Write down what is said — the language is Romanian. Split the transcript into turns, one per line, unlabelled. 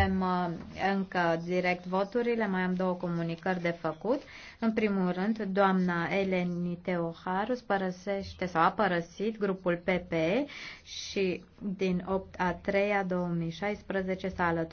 începem uh, încă direct voturile, mai am două comunicări de făcut. În primul rând, doamna Eleni Teoharus părăsește sau a părăsit grupul PPE și din 8 a 3 a 2016 s-a alăturat